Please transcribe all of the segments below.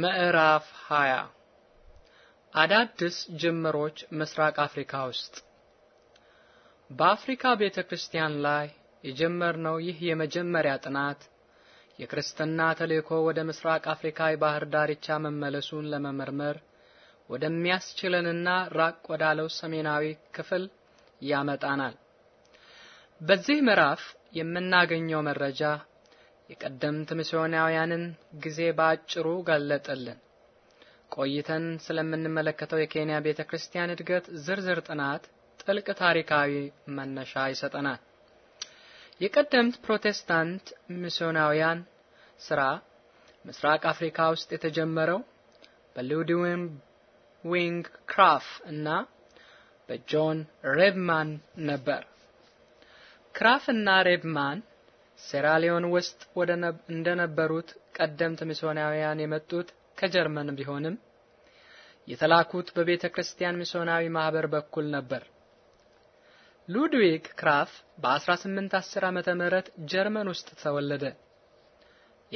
ምዕራፍ 20 አዳዲስ ጅምሮች ምስራቅ አፍሪካ ውስጥ በአፍሪካ ቤተ ክርስቲያን ላይ የጀመርነው ይህ የመጀመሪያ ጥናት የክርስትና ተልእኮ ወደ ምስራቅ አፍሪካ የባህር ዳርቻ መመለሱን ለመመርመር ወደሚያስችለንና ራቅ ወዳለው ሰሜናዊ ክፍል ያመጣናል። በዚህ ምዕራፍ የምናገኘው መረጃ የቀደምት ሚስዮናውያንን ጊዜ በአጭሩ ገለጠልን። ቆይተን ስለምንመለከተው የኬንያ ቤተ ክርስቲያን እድገት ዝርዝር ጥናት ጥልቅ ታሪካዊ መነሻ ይሰጠናል። የቀደምት ፕሮቴስታንት ሚስዮናውያን ስራ ምስራቅ አፍሪካ ውስጥ የተጀመረው ዊንግ ክራፍ እና በጆን ሬብማን ነበር። ክራፍ እና ሬብማን ሴራሊዮን ውስጥ እንደነበሩት ቀደምት ሚስዮናውያን የመጡት ከጀርመን ቢሆንም የተላኩት በቤተ ክርስቲያን ሚስዮናዊ ማህበር በኩል ነበር። ሉድዊግ ክራፍ በ1810 ዓመተ ምህረት ጀርመን ውስጥ ተወለደ።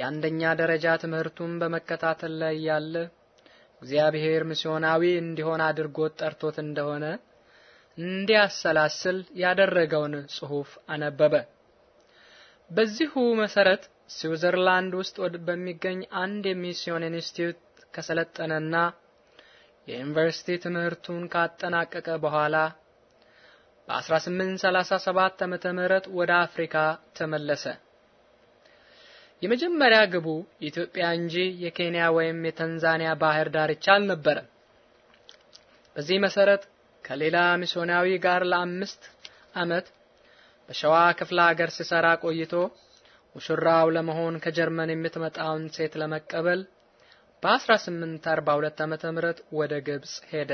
የአንደኛ ደረጃ ትምህርቱን በመከታተል ላይ ያለ እግዚአብሔር ሚስዮናዊ እንዲሆን አድርጎት ጠርቶት እንደሆነ እንዲያሰላስል ያደረገውን ጽሑፍ አነበበ። በዚሁ መሰረት ስዊዘርላንድ ውስጥ በሚገኝ አንድ የሚስዮን ኢንስቲትዩት ከሰለጠነና የዩኒቨርሲቲ ትምህርቱን ካጠናቀቀ በኋላ በ1837 ዓመተ ምህረት ወደ አፍሪካ ተመለሰ። የመጀመሪያ ግቡ ኢትዮጵያ እንጂ የኬንያ ወይም የታንዛኒያ ባህር ዳርቻ አልነበረም። በዚህ መሰረት ከሌላ ሚስዮናዊ ጋር ለአምስት ዓመት በሸዋ ክፍለ ሀገር ሲሰራ ቆይቶ ሙሽራው ለመሆን ከጀርመን የምትመጣውን ሴት ለመቀበል በ1842 ዓመተ ምህረት ወደ ግብጽ ሄደ።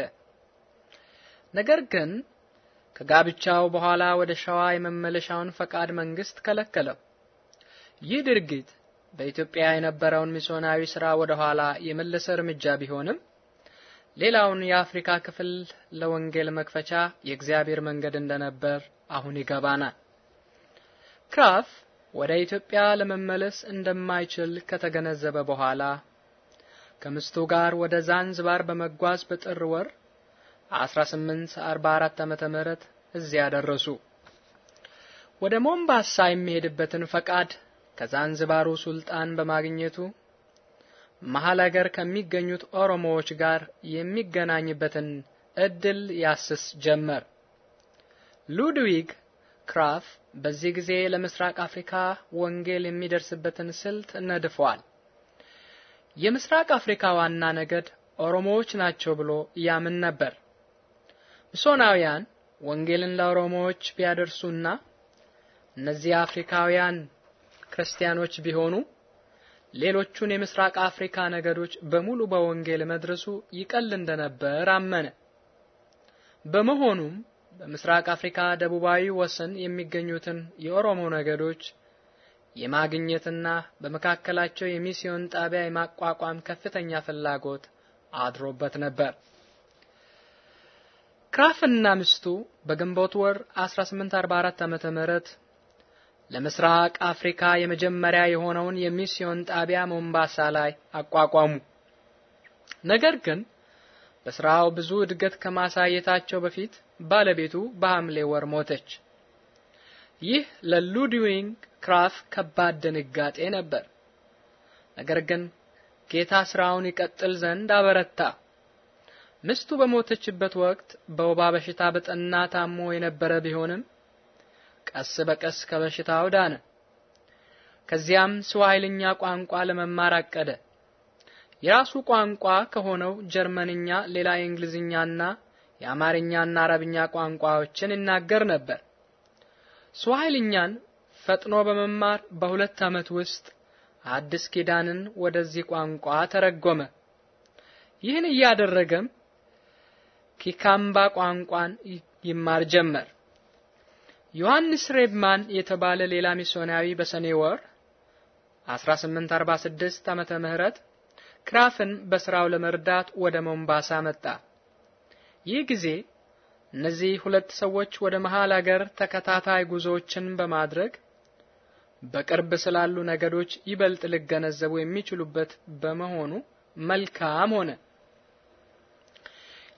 ነገር ግን ከጋብቻው በኋላ ወደ ሸዋ የመመለሻውን ፈቃድ መንግስት ከለከለው። ይህ ድርጊት በኢትዮጵያ የነበረውን ሚስዮናዊ ስራ ወደ ኋላ የመለሰ እርምጃ ቢሆንም ሌላውን የአፍሪካ ክፍል ለወንጌል መክፈቻ የእግዚአብሔር መንገድ እንደነበር አሁን ይገባናል። ክራፍ ወደ ኢትዮጵያ ለመመለስ እንደማይችል ከተገነዘበ በኋላ ከምስቱ ጋር ወደ ዛንዝባር በመጓዝ በጥር ወር 1844 ዓመተ ምህረት እዚያ ደረሱ። ወደ ሞምባሳ የሚሄድበትን ፈቃድ ከዛንዝባሩ ሱልጣን በማግኘቱ መሀል ከሚገኙት ኦሮሞዎች ጋር የሚገናኝበትን እድል ያስስ ጀመር። ሉድዊግ ክራፍ በዚህ ጊዜ ለምስራቅ አፍሪካ ወንጌል የሚደርስበትን ስልት ነድፏል። የምስራቅ አፍሪካ ዋና ነገድ ኦሮሞዎች ናቸው ብሎ ያምን ነበር። ሚሶናውያን ወንጌልን ለኦሮሞዎች ቢያደርሱና እነዚህ አፍሪካውያን ክርስቲያኖች ቢሆኑ ሌሎቹን የምስራቅ አፍሪካ ነገዶች በሙሉ በወንጌል መድረሱ ይቀል እንደነበር አመነ። በመሆኑም በምስራቅ አፍሪካ ደቡባዊ ወሰን የሚገኙትን የኦሮሞ ነገዶች የማግኘትና በመካከላቸው የሚስዮን ጣቢያ የማቋቋም ከፍተኛ ፍላጎት አድሮበት ነበር። ክራፍና ሚስቱ በግንቦት ወር 1844 ዓመተ ምህረት ለምስራቅ አፍሪካ የመጀመሪያ የሆነውን የሚስዮን ጣቢያ ሞምባሳ ላይ አቋቋሙ። ነገር ግን በስራው ብዙ እድገት ከማሳየታቸው በፊት ባለቤቱ በሐምሌ ወር ሞተች። ይህ ለሉድዊንግ ክራፍ ከባድ ድንጋጤ ነበር። ነገር ግን ጌታ ስራውን ይቀጥል ዘንድ አበረታ። ምስቱ በሞተችበት ወቅት በወባ በሽታ በጠና ታሞ የነበረ ቢሆንም ቀስ በቀስ ከበሽታው ዳነ። ከዚያም ስዋሂልኛ ቋንቋ ለመማር አቀደ። የራሱ ቋንቋ ከሆነው ጀርመንኛ ሌላ የእንግሊዝኛና የአማርኛና አረብኛ ቋንቋዎችን ይናገር ነበር። ስዋሂልኛን ፈጥኖ በመማር በሁለት ዓመት ውስጥ አዲስ ኪዳንን ወደዚህ ቋንቋ ተረጎመ። ይህን እያደረገም ኪካምባ ቋንቋን ይማር ጀመር። ዮሐንስ ሬብማን የተባለ ሌላ ሚስዮናዊ በሰኔ ወር 1846 ዓመተ ምህረት ክራፍን በስራው ለመርዳት ወደ ሞምባሳ መጣ። ይህ ጊዜ እነዚህ ሁለት ሰዎች ወደ መሃል አገር ተከታታይ ጉዞዎችን በማድረግ በቅርብ ስላሉ ነገዶች ይበልጥ ሊገነዘቡ የሚችሉበት በመሆኑ መልካም ሆነ።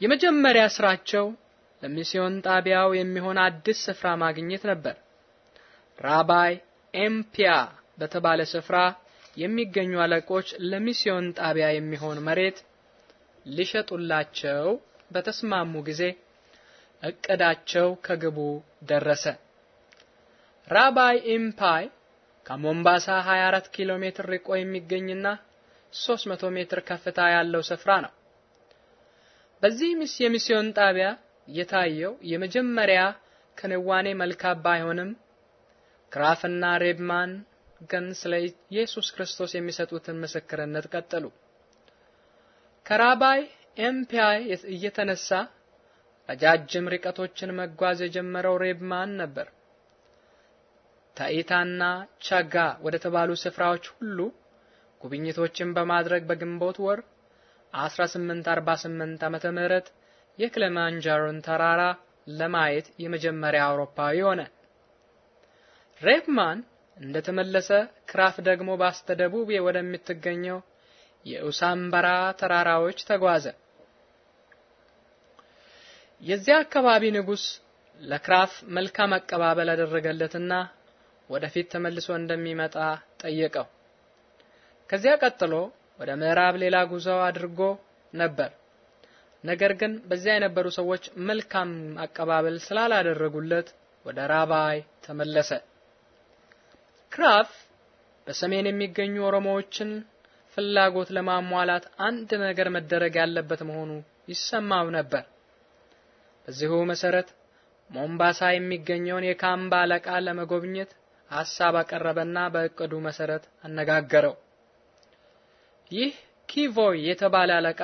የመጀመሪያ ስራቸው ለሚስዮን ጣቢያው የሚሆን አዲስ ስፍራ ማግኘት ነበር። ራባይ ኤምፒያ በተባለ ስፍራ የሚገኙ አለቆች ለሚስዮን ጣቢያ የሚሆን መሬት ሊሸጡላቸው በተስማሙ ጊዜ እቅዳቸው ከግቡ ደረሰ። ራባይ ኢምፓይ ከሞምባሳ 24 ኪሎ ሜትር ርቆ የሚገኝና 300 ሜትር ከፍታ ያለው ስፍራ ነው። በዚህ የሚስዮን ጣቢያ የታየው የመጀመሪያ ክንዋኔ መልካ ባይሆንም ግራፍና ሬብማን ግን ስለ ኢየሱስ ክርስቶስ የሚሰጡትን ምስክርነት ቀጠሉ። ከራባይ ኤምፒአይ እየተነሳ ረጃጅም ርቀቶችን መጓዝ የጀመረው ሬብማን ነበር። ታይታና ቻጋ ወደ ተባሉ ስፍራዎች ሁሉ ጉብኝቶችን በማድረግ በግንቦት ወር 1848 ዓመተ ምህረት የክለማንጃሮን ተራራ ለማየት የመጀመሪያ አውሮፓዊ ሆነ። ሬብማን እንደተመለሰ ክራፍ ደግሞ በስተደቡብ ወደምትገኘው የኡሳምበራ ተራራዎች ተጓዘ። የዚያ አካባቢ ንጉስ ለክራፍ መልካም አቀባበል አደረገለትና ወደፊት ተመልሶ እንደሚመጣ ጠየቀው። ከዚያ ቀጥሎ ወደ ምዕራብ ሌላ ጉዞ አድርጎ ነበር። ነገር ግን በዚያ የነበሩ ሰዎች መልካም አቀባበል ስላላደረጉለት ወደ ራባይ ተመለሰ። ክራፍ በሰሜን የሚገኙ ኦሮሞዎችን ፍላጎት ለማሟላት አንድ ነገር መደረግ ያለበት መሆኑ ይሰማው ነበር። በዚሁ መሰረት ሞምባሳ የሚገኘውን የካምባ አለቃ ለመጎብኘት ሐሳብ አቀረበና በእቅዱ መሰረት አነጋገረው። ይህ ኪቮይ የተባለ አለቃ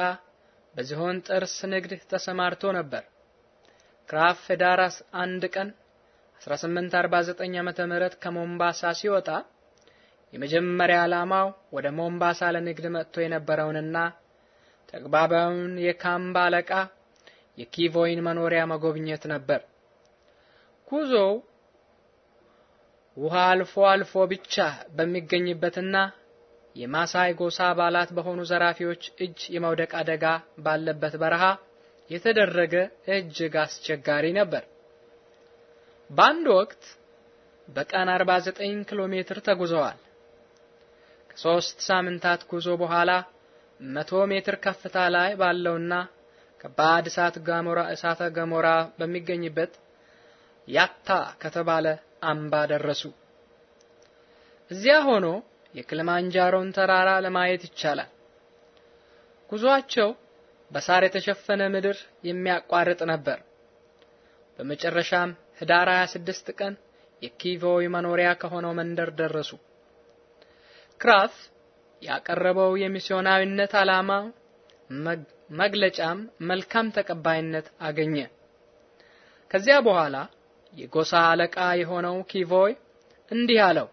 በዝሆን ጥርስ ንግድ ተሰማርቶ ነበር። ክራፍ ፌዳራስ አንድ ቀን 1849 ዓም ከሞምባሳ ሲወጣ የመጀመሪያ ዓላማው ወደ ሞምባሳ ለንግድ መጥቶ የነበረውንና ተግባባዩን የካምባ አለቃ የኪቮይን መኖሪያ መጎብኘት ነበር። ጉዞው ውሃ አልፎ አልፎ ብቻ በሚገኝበትና የማሳይ ጎሳ አባላት በሆኑ ዘራፊዎች እጅ የመውደቅ አደጋ ባለበት በረሃ የተደረገ እጅግ አስቸጋሪ ነበር። በአንድ ወቅት በቀን 49 ኪሎ ሜትር ተጉዘዋል። ከሶስት ሳምንታት ጉዞ በኋላ መቶ ሜትር ከፍታ ላይ ባለውና ከባድ እሳት ገሞራ እሳተ ገሞራ በሚገኝበት ያታ ከተባለ አምባ ደረሱ። እዚያ ሆኖ የክልማንጃሮን ተራራ ለማየት ይቻላል። ጉዟቸው በሳር የተሸፈነ ምድር የሚያቋርጥ ነበር። በመጨረሻም ህዳር 26 ቀን የኪቮይ መኖሪያ ከሆነው መንደር ደረሱ። ክራፍ ያቀረበው የሚስዮናዊነት ዓላማ መግለጫም መልካም ተቀባይነት አገኘ። ከዚያ በኋላ የጎሳ አለቃ የሆነው ኪቮይ እንዲህ አለው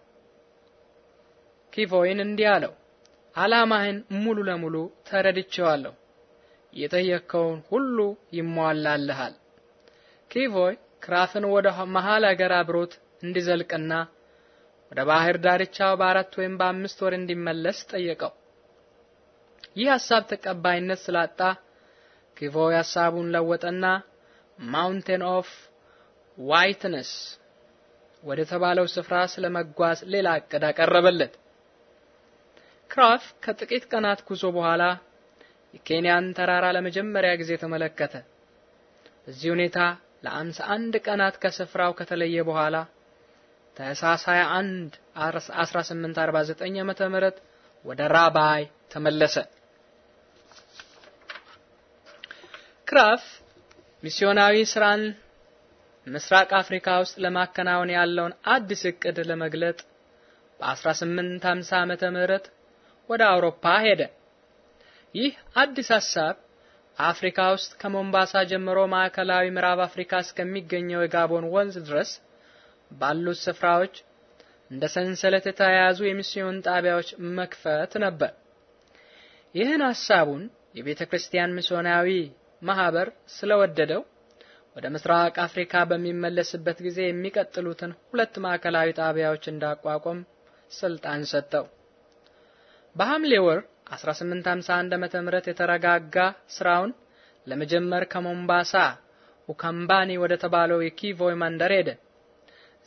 ኪቮይን እንዲህ አለው ዓላማህን ሙሉ ለሙሉ ተረድቼዋለሁ። የጠየቅከውን ሁሉ ይሟላልሃል። ኪቮይ ክራፍን ወደ መሃል አገር አብሮት እንዲዘልቅና ወደ ባህር ዳርቻ በአራት ወይም በአምስት ወር እንዲመለስ ጠየቀው። ይህ ሐሳብ ተቀባይነት ስላጣ ኪቮይ ሐሳቡን ለወጠና ማውንቴን ኦፍ ዋይትነስ ወደ ተባለው ስፍራ ስለመጓዝ ሌላ እቅድ አቀረበለት። ክራፍ ከጥቂት ቀናት ጉዞ በኋላ የኬንያን ተራራ ለመጀመሪያ ጊዜ ተመለከተ። በዚህ ሁኔታ ለአምሳ አንድ ቀናት ከስፍራው ከተለየ በኋላ ታኅሳስ 21 1849 ዓም ወደ ራባይ ተመለሰ። ክራፍ ሚስዮናዊ ስራን ምስራቅ አፍሪካ ውስጥ ለማከናወን ያለውን አዲስ እቅድ ለመግለጥ በ1850 ዓመተ ምህረት ወደ አውሮፓ ሄደ። ይህ አዲስ ሀሳብ አፍሪካ ውስጥ ከሞምባሳ ጀምሮ ማዕከላዊ ምዕራብ አፍሪካ እስከሚገኘው የጋቦን ወንዝ ድረስ ባሉት ስፍራዎች እንደ ሰንሰለት የተያያዙ የሚስዮን ጣቢያዎች መክፈት ነበር። ይህን ሐሳቡን የቤተ ክርስቲያን ሚስዮናዊ ማህበር ስለወደደው ወደ ምስራቅ አፍሪካ በሚመለስበት ጊዜ የሚቀጥሉትን ሁለት ማዕከላዊ ጣቢያዎች እንዳቋቋም ስልጣን ሰጠው። በሐምሌ ወር 1851 ዓመተ ምህረት የተረጋጋ ስራውን ለመጀመር ከሞምባሳ ኡካምባኒ ወደ ተባለው የኪቮይ መንደር ሄደ።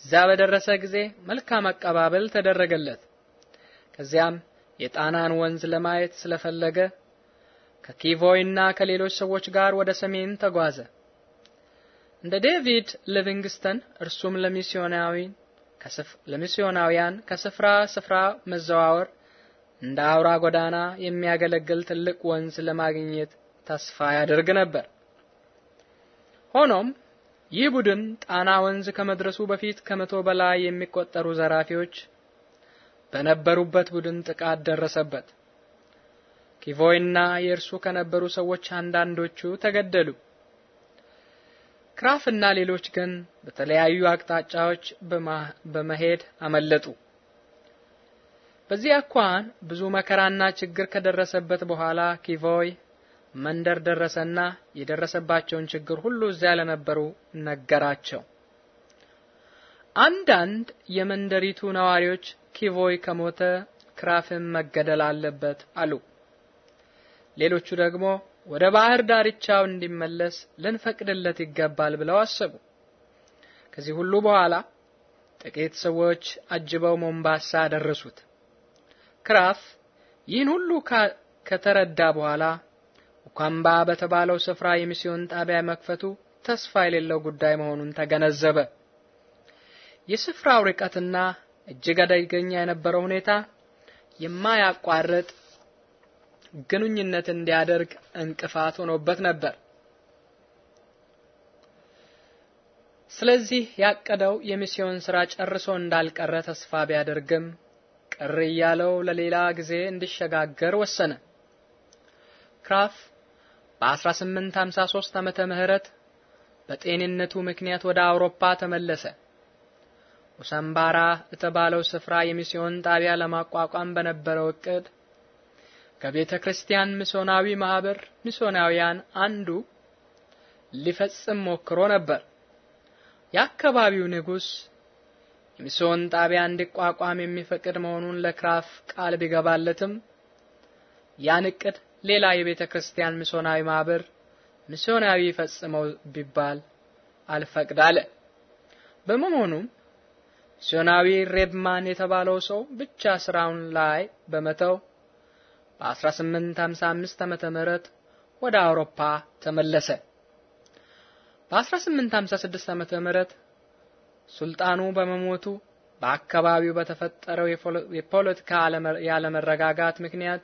እዛ በደረሰ ጊዜ መልካም አቀባበል ተደረገለት። ከዚያም የጣናን ወንዝ ለማየት ስለፈለገ ከኪቮይና ከሌሎች ሰዎች ጋር ወደ ሰሜን ተጓዘ። እንደ ዴቪድ ሊቪንግስተን እርሱም ለሚስዮናውያን ከስፍራ ስፍራ መዘዋወር እንደ አውራ ጎዳና የሚያገለግል ትልቅ ወንዝ ለማግኘት ተስፋ ያደርግ ነበር። ሆኖም ይህ ቡድን ጣና ወንዝ ከመድረሱ በፊት ከመቶ በላይ የሚቆጠሩ ዘራፊዎች በነበሩበት ቡድን ጥቃት ደረሰበት። ኪቮይና የእርሱ ከነበሩ ሰዎች አንዳንዶቹ ተገደሉ። ክራፍና ሌሎች ግን በተለያዩ አቅጣጫዎች በመሄድ አመለጡ። በዚህ አኳን ብዙ መከራና ችግር ከደረሰበት በኋላ ኪቮይ መንደር ደረሰና የደረሰባቸውን ችግር ሁሉ እዚያ ለነበሩ ነገራቸው። አንዳንድ የመንደሪቱ ነዋሪዎች ኪቮይ ከሞተ ክራፍን መገደል አለበት አሉ። ሌሎቹ ደግሞ ወደ ባህር ዳርቻው እንዲመለስ ልንፈቅድለት ይገባል ብለው አሰቡ። ከዚህ ሁሉ በኋላ ጥቂት ሰዎች አጅበው ሞምባሳ ደረሱት። ክራፍ ይህን ሁሉ ከተረዳ በኋላ ኳምባ በተባለው ስፍራ የሚስዮን ጣቢያ መክፈቱ ተስፋ የሌለው ጉዳይ መሆኑን ተገነዘበ። የስፍራው ርቀትና እጅግ አደገኛ የነበረው ሁኔታ የማያቋርጥ ግንኙነት እንዲያደርግ እንቅፋት ሆኖበት ነበር። ስለዚህ ያቀደው የሚስዮን ስራ ጨርሶ እንዳልቀረ ተስፋ ቢያደርግም ቅር እያለው ለሌላ ጊዜ እንዲሸጋገር ወሰነ። ክራፍ በ1853 ዓመተ ምህረት በጤንነቱ ምክንያት ወደ አውሮፓ ተመለሰ። ኡሰምባራ የተባለው ስፍራ የሚስዮን ጣቢያ ለማቋቋም በነበረው እቅድ ከቤተ ክርስቲያን ሚስዮናዊ ማህበር ሚስዮናውያን አንዱ ሊፈጽም ሞክሮ ነበር። የአካባቢው ንጉስ የሚስዮን ጣቢያ እንዲቋቋም የሚፈቅድ መሆኑን ለክራፍ ቃል ቢገባለትም ያን እቅድ ሌላ የቤተ ክርስቲያን ሚስዮናዊ ማህበር ሚስዮናዊ ፈጽመው ቢባል አልፈቅድ አለ። በመሆኑም ሚስዮናዊ ሬብማን የተባለው ሰው ብቻ ስራውን ላይ በመተው በ1855 ዓመተ ምህረት ወደ አውሮፓ ተመለሰ። በ1856 ዓመተ ምህረት ሱልጣኑ በመሞቱ በአካባቢው በተፈጠረው የፖለቲካ ያለመረጋጋት ምክንያት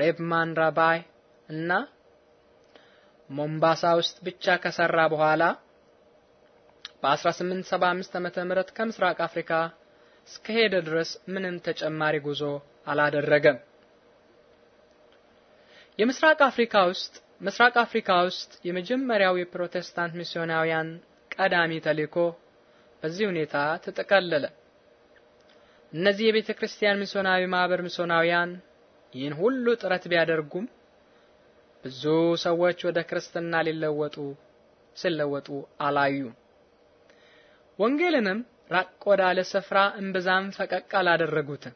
ሬቭማን ራባይ እና ሞምባሳ ውስጥ ብቻ ከሰራ በኋላ በ1875 ዓመተ ምህረት ከምስራቅ አፍሪካ እስከሄደ ድረስ ምንም ተጨማሪ ጉዞ አላደረገም። የምስራቅ አፍሪካ ውስጥ ምስራቅ አፍሪካ ውስጥ የመጀመሪያው የፕሮቴስታንት ሚስዮናውያን ቀዳሚ ተልእኮ በዚህ ሁኔታ ተጠቀለለ እነዚህ የቤተ ክርስቲያን ሚስዮናዊ ማህበር ሚስዮናውያን ይህን ሁሉ ጥረት ቢያደርጉም ብዙ ሰዎች ወደ ክርስትና ሊለወጡ ሲለወጡ አላዩ። ወንጌልንም ራቅ ወዳለ ስፍራ እምብዛም ፈቀቅ አላደረጉትም።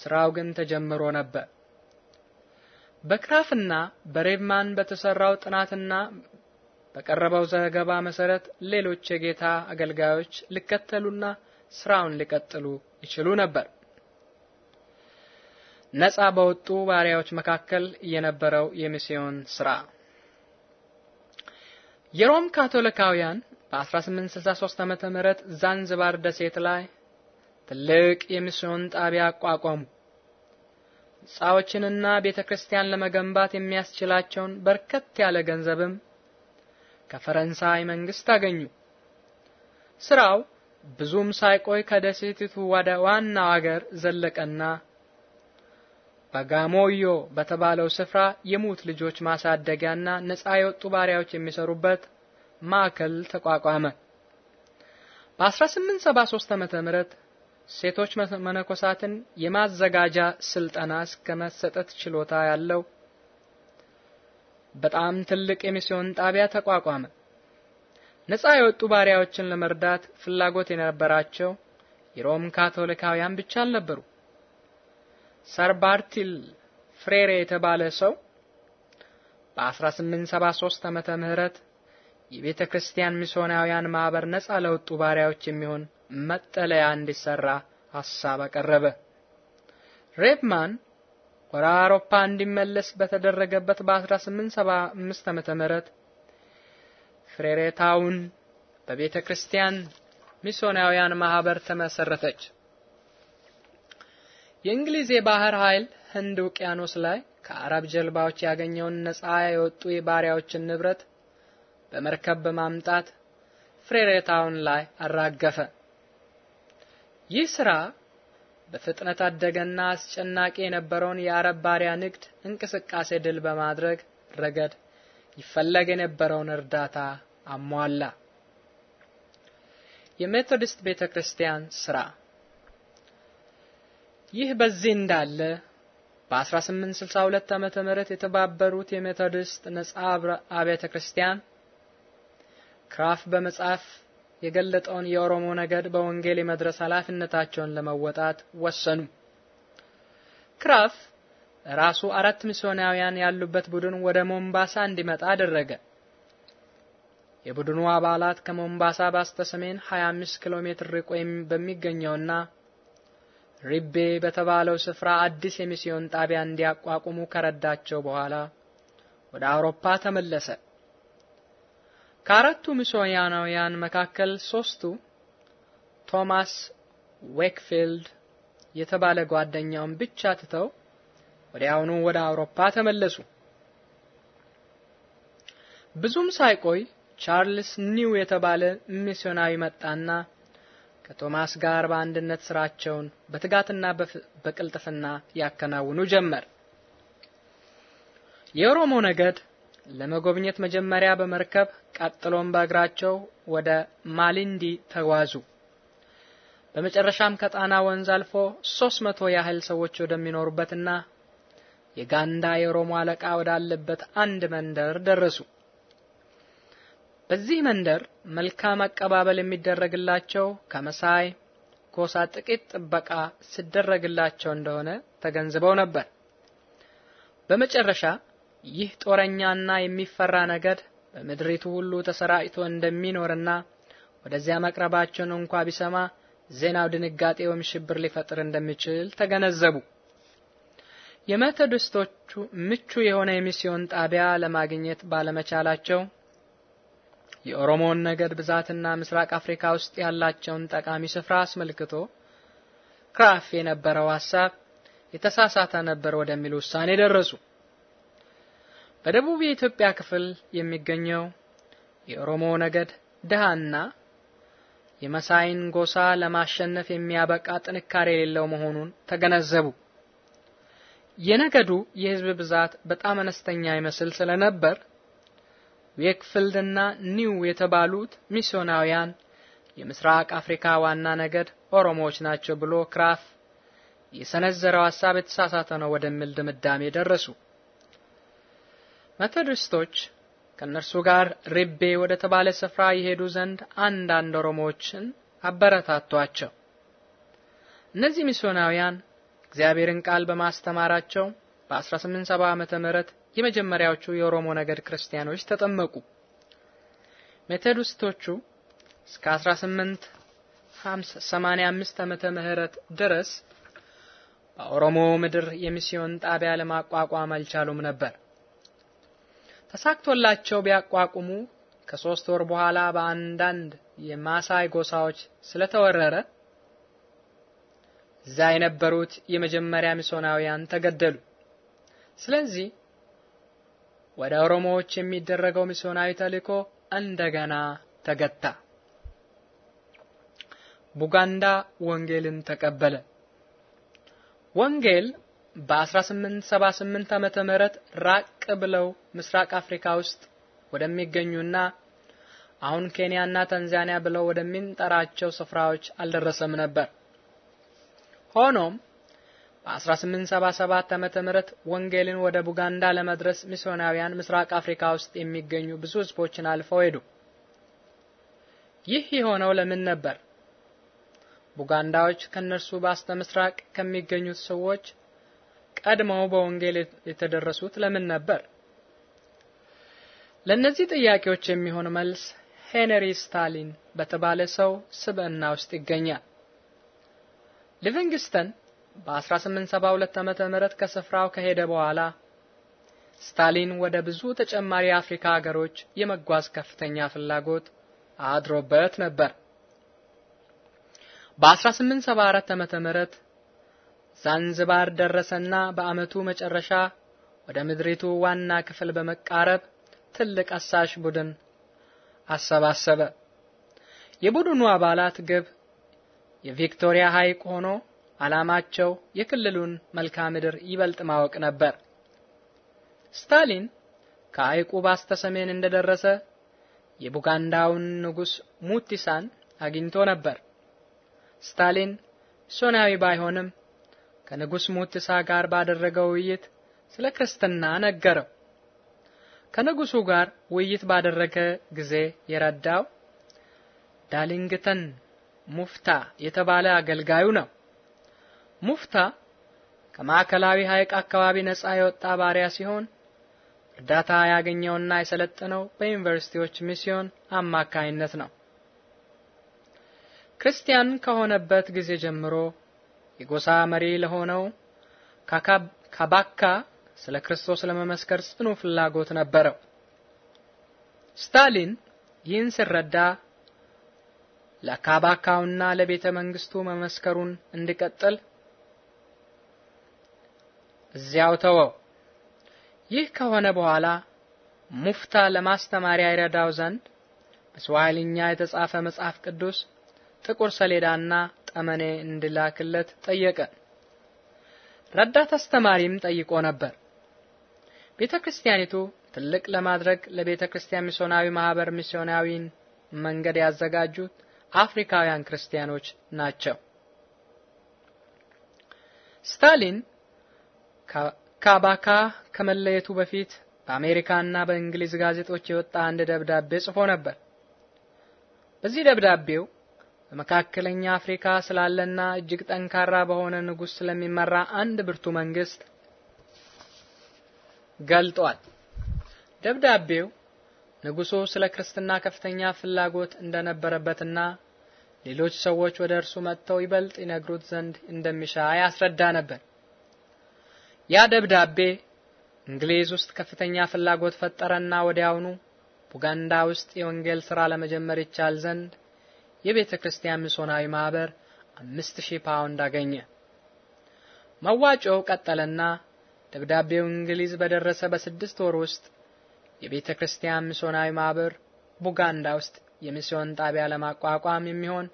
ስራው ግን ተጀምሮ ነበር። በክራፍና በሬብማን በተሰራው ጥናትና በቀረበው ዘገባ መሰረት ሌሎች የጌታ አገልጋዮች ሊከተሉና ስራውን ሊቀጥሉ ይችሉ ነበር። ነፃ በወጡ ባሪያዎች መካከል የነበረው የሚስዮን ስራ የሮም ካቶሊካውያን በ1863 ዓመተ ምህረት ዛንዝባር ደሴት ላይ ትልቅ የሚስዮን ጣቢያ አቋቋሙ። ሕንጻዎችንና ቤተ ክርስቲያን ለመገንባት የሚያስችላቸውን በርከት ያለ ገንዘብም ከፈረንሳይ መንግስት አገኙ። ስራው ብዙም ሳይቆይ ከደሴቲቱ ወደ ዋናው አገር ዘለቀና በጋሞዮ በተባለው ስፍራ የሙት ልጆች ማሳደጊያና ነፃ የወጡ ባሪያዎች የሚሰሩበት ማዕከል ተቋቋመ። በ1873 ዓመተ ምህረት ሴቶች መነኮሳትን የማዘጋጃ ስልጠና እስከ መሰጠት ችሎታ ያለው በጣም ትልቅ የሚስዮን ጣቢያ ተቋቋመ። ነፃ የወጡ ባሪያዎችን ለመርዳት ፍላጎት የነበራቸው የሮም ካቶሊካውያን ብቻ አልነበሩ። ሳርባርቲል ፍሬሬ የተባለ ሰው በ1873 ዓመተ ምህረት የቤተ ክርስቲያን ሚስዮናውያን ማህበር ነጻ ለወጡ ባሪያዎች የሚሆን መጠለያ እንዲሰራ ሐሳብ አቀረበ። ሬፕማን ወደ አውሮፓ እንዲመለስ በተደረገበት በ1875 ዓመተ ምህረት ፍሬሬታውን በቤተ ክርስቲያን ሚስዮናውያን ማህበር ተመሰረተች። የእንግሊዝ የባህር ኃይል ህንድ ውቅያኖስ ላይ ከአረብ ጀልባዎች ያገኘውን ነፃ የወጡ የባሪያዎችን ንብረት በመርከብ በማምጣት ፍሬሬታውን ላይ አራገፈ። ይህ ስራ በፍጥነት አደገና አስጨናቂ የነበረውን የአረብ ባሪያ ንግድ እንቅስቃሴ ድል በማድረግ ረገድ ይፈለግ የነበረውን እርዳታ አሟላ። የሜቶዲስት ቤተ ክርስቲያን ስራ ይህ በዚህ እንዳለ በ1862 ዓመተ ምህረት የተባበሩት የሜቶዲስት ነጻ አብያተ ክርስቲያን ክራፍ በመጽሐፍ የገለጠውን የኦሮሞ ነገድ በወንጌል የመድረስ ኃላፊነታቸውን ለመወጣት ወሰኑ። ክራፍ ራሱ አራት ሚስዮናውያን ያሉበት ቡድን ወደ ሞምባሳ እንዲመጣ አደረገ። የቡድኑ አባላት ከሞምባሳ በስተሰሜን 25 ኪሎ ሜትር ርቆ በሚገኘውና ሪቤ በተባለው ስፍራ አዲስ የሚስዮን ጣቢያ እንዲያቋቁሙ ከረዳቸው በኋላ ወደ አውሮፓ ተመለሰ። ከአራቱ ሚስዮናውያን መካከል ሶስቱ ቶማስ ዌክፊልድ የተባለ ጓደኛውን ብቻ ትተው ወዲያውኑ ወደ አውሮፓ ተመለሱ። ብዙም ሳይቆይ ቻርልስ ኒው የተባለ ሚስዮናዊ መጣና ከቶማስ ጋር በአንድነት ስራቸውን በትጋትና በቅልጥፍና ያከናውኑ ጀመር። የኦሮሞ ነገድ ለመጎብኘት መጀመሪያ በመርከብ ቀጥሎም በእግራቸው ወደ ማሊንዲ ተጓዙ። በመጨረሻም ከጣና ወንዝ አልፎ 300 ያህል ሰዎች ወደሚኖሩበትና የጋንዳ የኦሮሞ አለቃ ወዳለበት አንድ መንደር ደረሱ። በዚህ መንደር መልካም አቀባበል የሚደረግላቸው ከመሳይ ጎሳ ጥቂት ጥበቃ ሲደረግላቸው እንደሆነ ተገንዝበው ነበር። በመጨረሻ ይህ ጦረኛና የሚፈራ ነገድ በምድሪቱ ሁሉ ተሰራጭቶ እንደሚኖርና ወደዚያ መቅረባቸውን እንኳ ቢሰማ ዜናው ድንጋጤ ወይም ሽብር ሊፈጥር እንደሚችል ተገነዘቡ። የሜቶዲስቶቹ ምቹ የሆነ የሚስዮን ጣቢያ ለማግኘት ባለመቻላቸው የኦሮሞን ነገድ ብዛትና ምስራቅ አፍሪካ ውስጥ ያላቸውን ጠቃሚ ስፍራ አስመልክቶ ክራፍ የነበረው ሀሳብ የተሳሳተ ነበር ወደሚል ውሳኔ ደረሱ። በደቡብ የኢትዮጵያ ክፍል የሚገኘው የኦሮሞ ነገድ ድሃና የመሳይን ጎሳ ለማሸነፍ የሚያበቃ ጥንካሬ የሌለው መሆኑን ተገነዘቡ። የነገዱ የህዝብ ብዛት በጣም አነስተኛ ይመስል ስለነበር ዌክፍልድና ኒው የተባሉት ሚስዮናውያን የምስራቅ አፍሪካ ዋና ነገድ ኦሮሞዎች ናቸው ብሎ ክራፍ የሰነዘረው ሀሳብ የተሳሳተ ነው ወደሚል ድምዳሜ ደረሱ። ሜቶዲስቶች ከእነርሱ ጋር ሪቤ ወደ ተባለ ስፍራ የሄዱ ዘንድ አንዳንድ ኦሮሞዎችን አበረታቷቸው። እነዚህ ሚስዮናውያን እግዚአብሔርን ቃል በማስተማራቸው በ1870 ዓመተ ምህረት የመጀመሪያዎቹ የኦሮሞ ነገድ ክርስቲያኖች ተጠመቁ። ሜቶዲስቶቹ እስከ 18 85 ዓመተ ምህረት ድረስ በኦሮሞ ምድር የሚስዮን ጣቢያ ለማቋቋም አልቻሉም ነበር። ተሳክቶላቸው ቢያቋቁሙ ከሶስት ወር በኋላ በአንዳንድ የማሳይ ጎሳዎች ስለተወረረ እዛ የነበሩት የመጀመሪያ ሚስዮናውያን ተገደሉ። ስለዚህ ወደ ኦሮሞዎች የሚደረገው ሚስዮናዊ ተልእኮ እንደገና ተገታ። ቡጋንዳ ወንጌልን ተቀበለ። ወንጌል በ1878 ዓመተ ምህረት ራቅ ብለው ምስራቅ አፍሪካ ውስጥ ወደሚገኙና አሁን ኬንያና ታንዛኒያ ብለው ወደሚንጠራቸው ስፍራዎች አልደረሰም ነበር። ሆኖም በ1877 ዓመተ ምህረት ወንጌልን ወደ ቡጋንዳ ለመድረስ ሚስዮናውያን ምስራቅ አፍሪካ ውስጥ የሚገኙ ብዙ ሕዝቦችን አልፈው ሄዱ። ይህ የሆነው ለምን ነበር? ቡጋንዳዎች ከነርሱ በስተ ምስራቅ ከሚገኙት ሰዎች ቀድመው በወንጌል የተደረሱት ለምን ነበር? ለእነዚህ ጥያቄዎች የሚሆን መልስ ሄነሪ ስታሊን በተባለ ሰው ስብዕና ውስጥ ይገኛል። ሊቪንግስተን በ1872 ዓመተ ምህረት ከስፍራው ከሄደ በኋላ ስታሊን ወደ ብዙ ተጨማሪ የአፍሪካ ሀገሮች የመጓዝ ከፍተኛ ፍላጎት አድሮበት ነበር። በ1874 ዓመተ ምህረት ዛንዝባር ደረሰና በአመቱ መጨረሻ ወደ ምድሪቱ ዋና ክፍል በመቃረብ ትልቅ አሳሽ ቡድን አሰባሰበ። የቡድኑ አባላት ግብ የቪክቶሪያ ሐይቅ ሆኖ ዓላማቸው የክልሉን መልክዓ ምድር ይበልጥ ማወቅ ነበር። ስታሊን ከሐይቁ በስተ ሰሜን እንደደረሰ የቡጋንዳውን ንጉስ ሙቲሳን አግኝቶ ነበር። ስታሊን ሶናዊ ባይሆንም ከንጉስ ሙቲሳ ጋር ባደረገው ውይይት ስለ ክርስትና ነገረው። ከንጉሱ ጋር ውይይት ባደረገ ጊዜ የረዳው ዳሊንግተን ሙፍታ የተባለ አገልጋዩ ነው። ሙፍታ ከማዕከላዊ ሐይቅ አካባቢ ነፃ የወጣ ባሪያ ሲሆን እርዳታ ያገኘውና የሰለጠነው በዩኒቨርሲቲዎች ሚስዮን አማካይነት ነው። ክርስቲያን ከሆነበት ጊዜ ጀምሮ የጎሳ መሪ ለሆነው ካባካ ስለ ክርስቶስ ለመመስከር ጽኑ ፍላጎት ነበረው። ስታሊን ይህን ሲረዳ ለካባካውና ለቤተ መንግስቱ መመስከሩን እንዲቀጥል እዚያው ተወው። ይህ ከሆነ በኋላ ሙፍታ ለማስተማሪያ ይረዳው ዘንድ በስዋሂልኛ የተጻፈ መጽሐፍ ቅዱስ፣ ጥቁር ሰሌዳና ጠመኔ እንዲላክለት ጠየቀ። ረዳት አስተማሪም ጠይቆ ነበር። ቤተ ክርስቲያኒቱ ትልቅ ለማድረግ ለቤተ ክርስቲያን ሚስዮናዊ ማህበር ሚስዮናዊን መንገድ ያዘጋጁት አፍሪካውያን ክርስቲያኖች ናቸው። ስታሊን ካባካ ከመለየቱ በፊት በአሜሪካና በእንግሊዝ ጋዜጦች የወጣ አንድ ደብዳቤ ጽፎ ነበር። በዚህ ደብዳቤው በመካከለኛ አፍሪካ ስላለና እጅግ ጠንካራ በሆነ ንጉሥ ስለሚመራ አንድ ብርቱ መንግስት ገልጧል። ደብዳቤው ንጉሱ ስለ ክርስትና ከፍተኛ ፍላጎት እንደነበረበትና ሌሎች ሰዎች ወደ እርሱ መጥተው ይበልጥ ይነግሩት ዘንድ እንደሚሻ ያስረዳ ነበር። ያ ደብዳቤ እንግሊዝ ውስጥ ከፍተኛ ፍላጎት ፈጠረና ወዲያውኑ ቡጋንዳ ውስጥ የወንጌል ሥራ ለመጀመር ይቻል ዘንድ የቤተ ክርስቲያን ሚስዮናዊ ማህበር አምስት ሺህ ፓውንድ አገኘ። መዋጮው ቀጠለና ደብዳቤው እንግሊዝ በደረሰ በስድስት ወር ውስጥ የቤተ ክርስቲያን ሚስዮናዊ ማህበር ቡጋንዳ ውስጥ የሚስዮን ጣቢያ ለማቋቋም የሚሆን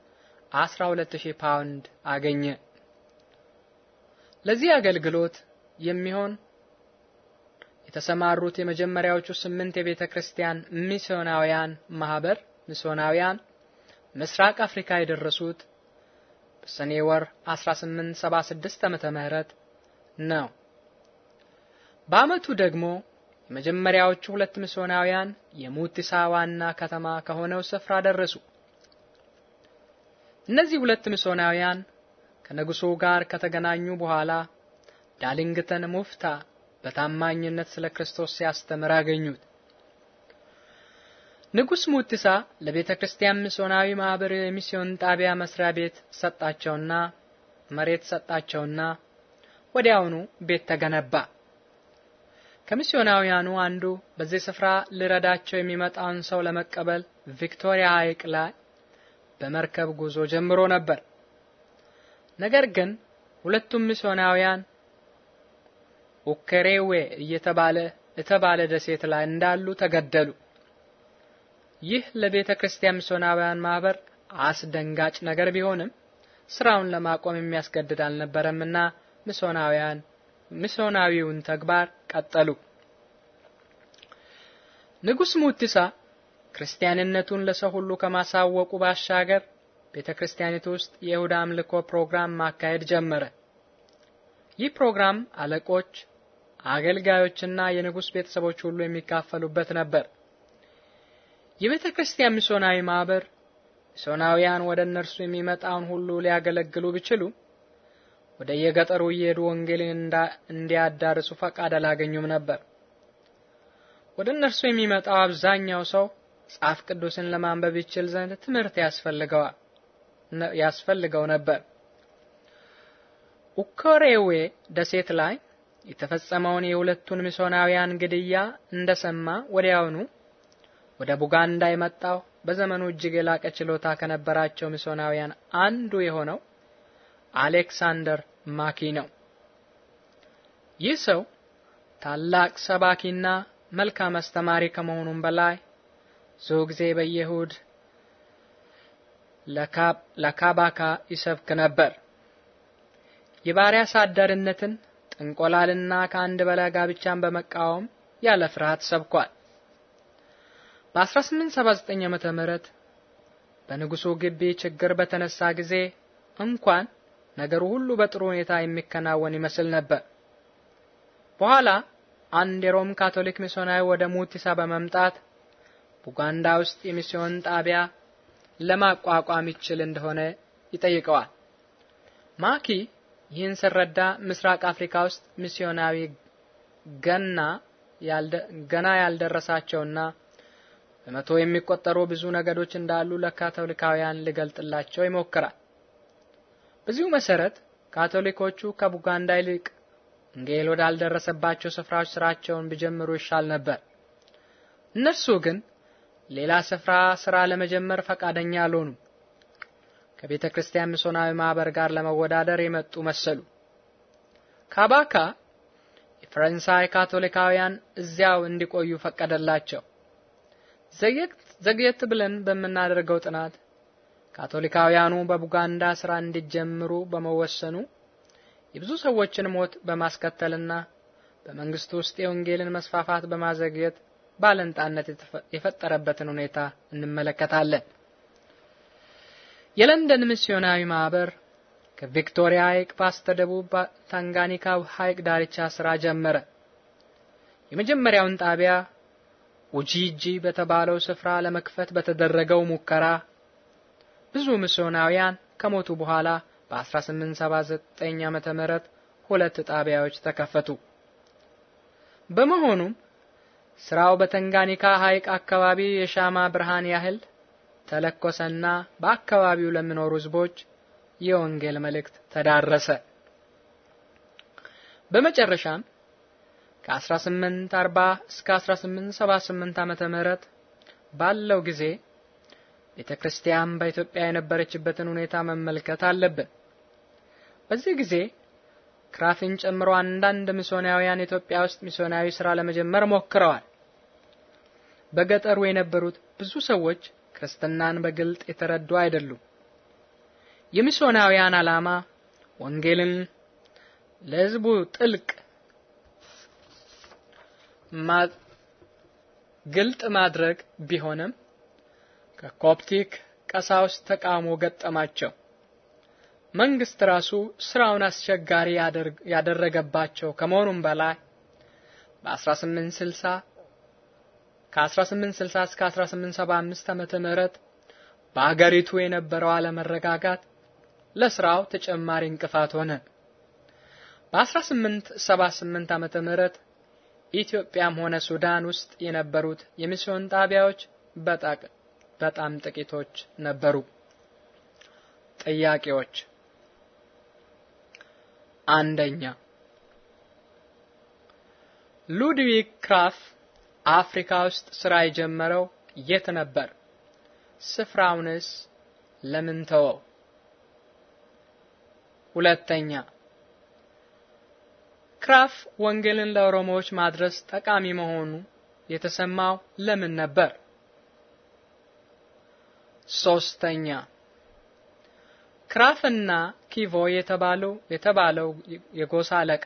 12000 ፓውንድ አገኘ። ለዚህ አገልግሎት የሚሆን የተሰማሩት የመጀመሪያዎቹ ስምንት የቤተ ክርስቲያን ሚስዮናውያን ማህበር ሚስዮናውያን ምስራቅ አፍሪካ የደረሱት በሰኔ ወር 1876 ዓመተ ምህረት ነው። በአመቱ ደግሞ የመጀመሪያዎቹ ሁለት ሚስዮናውያን የሙቲሳ ዋና ከተማ ከሆነው ስፍራ ደረሱ። እነዚህ ሁለት ሚስዮናውያን ከንጉሱ ጋር ከተገናኙ በኋላ ዳሊንግተን ሙፍታ በታማኝነት ስለ ክርስቶስ ሲያስተምር አገኙት። ንጉስ ሙትሳ ለቤተ ክርስቲያን ሚስዮናዊ ማህበር የሚስዮን ጣቢያ መስሪያ ቤት ሰጣቸውና መሬት ሰጣቸውና ወዲያውኑ ቤት ተገነባ። ከሚስዮናውያኑ አንዱ በዚህ ስፍራ ልረዳቸው የሚመጣውን ሰው ለመቀበል ቪክቶሪያ ሐይቅ ላይ በመርከብ ጉዞ ጀምሮ ነበር። ነገር ግን ሁለቱም ሚስዮናውያን ኡከሬዌ እየተባለ የተባለ ደሴት ላይ እንዳሉ ተገደሉ። ይህ ለቤተ ክርስቲያን ሚስዮናውያን ማህበር አስደንጋጭ ነገር ቢሆንም ስራውን ለማቆም የሚያስገድድ አልነበረምና ሚስዮናውያን ሚስዮናዊውን ተግባር ቀጠሉ። ንጉስ ሙትሳ ክርስቲያንነቱን ለሰው ሁሉ ከማሳወቁ ባሻገር ቤተ ክርስቲያኒቱ ውስጥ የይሁዳ አምልኮ ፕሮግራም ማካሄድ ጀመረ። ይህ ፕሮግራም አለቆች አገልጋዮችና የንጉስ ቤተሰቦች ሁሉ የሚካፈሉበት ነበር። የቤተ ክርስቲያን ሚስዮናዊ ማህበር ሚስዮናውያን ወደ እነርሱ የሚመጣውን ሁሉ ሊያገለግሉ ቢችሉ ወደ የገጠሩ እየሄዱ ወንጌልን እንዲያዳርሱ ፈቃድ አላገኙም ነበር። ወደ እነርሱ የሚመጣው አብዛኛው ሰው መጽሐፍ ቅዱስን ለማንበብ ይችል ዘንድ ትምህርት ያስፈልገዋል ያስፈልገው ነበር። ኡኮሬዌ ደሴት ላይ የተፈጸመውን የሁለቱን ሚስዮናውያን ግድያ እንደሰማ ወዲያውኑ ወደ ቡጋንዳ የመጣው በዘመኑ እጅግ የላቀ ችሎታ ከነበራቸው ሚስዮናውያን አንዱ የሆነው አሌክሳንደር ማኪ ነው። ይህ ሰው ታላቅ ሰባኪና መልካም አስተማሪ ከመሆኑም በላይ ብዙ ጊዜ በየእሁድ ለካባካ ይሰብክ ነበር። የባሪያ አሳዳሪነትን ጥንቆላልና ከአንድ በላይ ጋብቻን በመቃወም ያለ ፍርሃት ሰብኳል። በ1879 ዓመተ ምህረት በንጉሱ ግቢ ችግር በተነሳ ጊዜ እንኳን ነገሩ ሁሉ በጥሩ ሁኔታ የሚከናወን ይመስል ነበር። በኋላ አንድ የሮም ካቶሊክ ሚስዮናዊ ወደ ሙቲሳ በመምጣት ቡጋንዳ ውስጥ የሚስዮን ጣቢያ ለማቋቋም ይችል እንደሆነ ይጠይቀዋል። ማኪ ይህን ስረዳ ምስራቅ አፍሪካ ውስጥ ሚስዮናዊ ገና ገና ያልደረሳቸውና በመቶ የሚቆጠሩ ብዙ ነገዶች እንዳሉ ለካቶሊካውያን ሊገልጥላቸው ይሞክራል። በዚሁ መሰረት ካቶሊኮቹ ከቡጋንዳ ይልቅ ወንጌል ወዳልደረሰባቸው ስፍራዎች ስራቸውን ቢጀምሩ ይሻል ነበር። እነርሱ ግን ሌላ ስፍራ ስራ ለመጀመር ፈቃደኛ አልሆኑም። ከቤተ ክርስቲያን ምሶናዊ ማህበር ጋር ለመወዳደር የመጡ መሰሉ። ካባካ የፈረንሳይ ካቶሊካውያን እዚያው እንዲቆዩ ፈቀደላቸው። ዘግየት ብለን በምናደርገው ጥናት ካቶሊካውያኑ በቡጋንዳ ስራ እንዲጀምሩ በመወሰኑ የብዙ ሰዎችን ሞት በማስከተልና በመንግስቱ ውስጥ የወንጌልን መስፋፋት በማዘግየት ባለንጣነት የፈጠረበትን ሁኔታ እንመለከታለን። የለንደን ሚስዮናዊ ማህበር ከቪክቶሪያ ሐይቅ ደቡብ ታንጋኒካ ሐይቅ ዳርቻ ስራ ጀመረ። የመጀመሪያውን ጣቢያ ኡጂጂ በተባለው ስፍራ ለመክፈት በተደረገው ሙከራ ብዙ ሚስዮናውያን ከሞቱ በኋላ በ1879 ዓመተ ምህረት ሁለት ጣቢያዎች ተከፈቱ። በመሆኑም ስራው በተንጋኒካ ሐይቅ አካባቢ የሻማ ብርሃን ያህል ተለኮሰና በአካባቢው ለሚኖሩ ህዝቦች የወንጌል መልእክት ተዳረሰ። በመጨረሻም ከ1840 እስከ 1878 ዓመተ ምህረት ባለው ጊዜ ቤተ ክርስቲያን በኢትዮጵያ የነበረችበትን ሁኔታ መመልከት አለብን። በዚህ ጊዜ ክራፊን ጨምሮ አንዳንድ ሚስዮናውያን ኢትዮጵያ ውስጥ ሚስዮናዊ ስራ ለመጀመር ሞክረዋል። በገጠሩ የነበሩት ብዙ ሰዎች ክርስትናን በግልጥ የተረዱ አይደሉም። የሚስዮናውያን ዓላማ ወንጌልን ለሕዝቡ ጥልቅ ግልጥ ማድረግ ቢሆንም ከኮፕቲክ ቀሳውስት ተቃውሞ ገጠማቸው። መንግስት ራሱ ስራውን አስቸጋሪ ያደረገባቸው ከመሆኑም በላይ በ1860 ከ1860 እስከ 1875 ዓመተ ምህረት በአገሪቱ የነበረው አለመረጋጋት ለስራው ተጨማሪ እንቅፋት ሆነ። በ1878 ዓመተ ምህረት ኢትዮጵያም ሆነ ሱዳን ውስጥ የነበሩት የሚስዮን ጣቢያዎች በጣም ጥቂቶች ነበሩ። ጥያቄዎች፣ አንደኛ ሉድዊግ ክራፍ አፍሪካ ውስጥ ስራ የጀመረው የት ነበር? ስፍራውንስ ለምን ተወው? ሁለተኛ ክራፍ ወንጌልን ለኦሮሞዎች ማድረስ ጠቃሚ መሆኑ የተሰማው ለምን ነበር? ሶስተኛ ክራፍና ኪቮ የተባሉ የተባለው የጎሳ አለቃ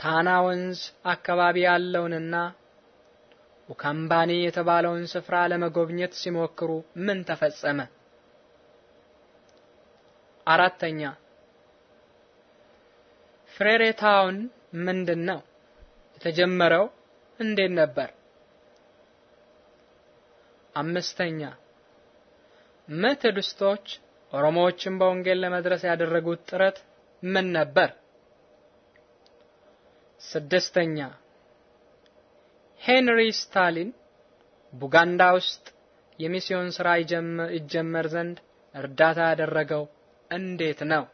ታና ወንዝ አካባቢ ያለውንና ኡካምባኒ የተባለውን ስፍራ ለመጎብኘት ሲሞክሩ ምን ተፈጸመ? አራተኛ ፍሬሬ ታውን ምንድን ነው? የተጀመረው እንዴት ነበር? አምስተኛ ሜቶዲስቶች ኦሮሞዎችን በወንጌል ለመድረስ ያደረጉት ጥረት ምን ነበር? ስድስተኛ ሄንሪ ስታሊን ቡጋንዳ ውስጥ የሚስዮን ስራ ይጀመር ዘንድ እርዳታ ያደረገው እንዴት ነው?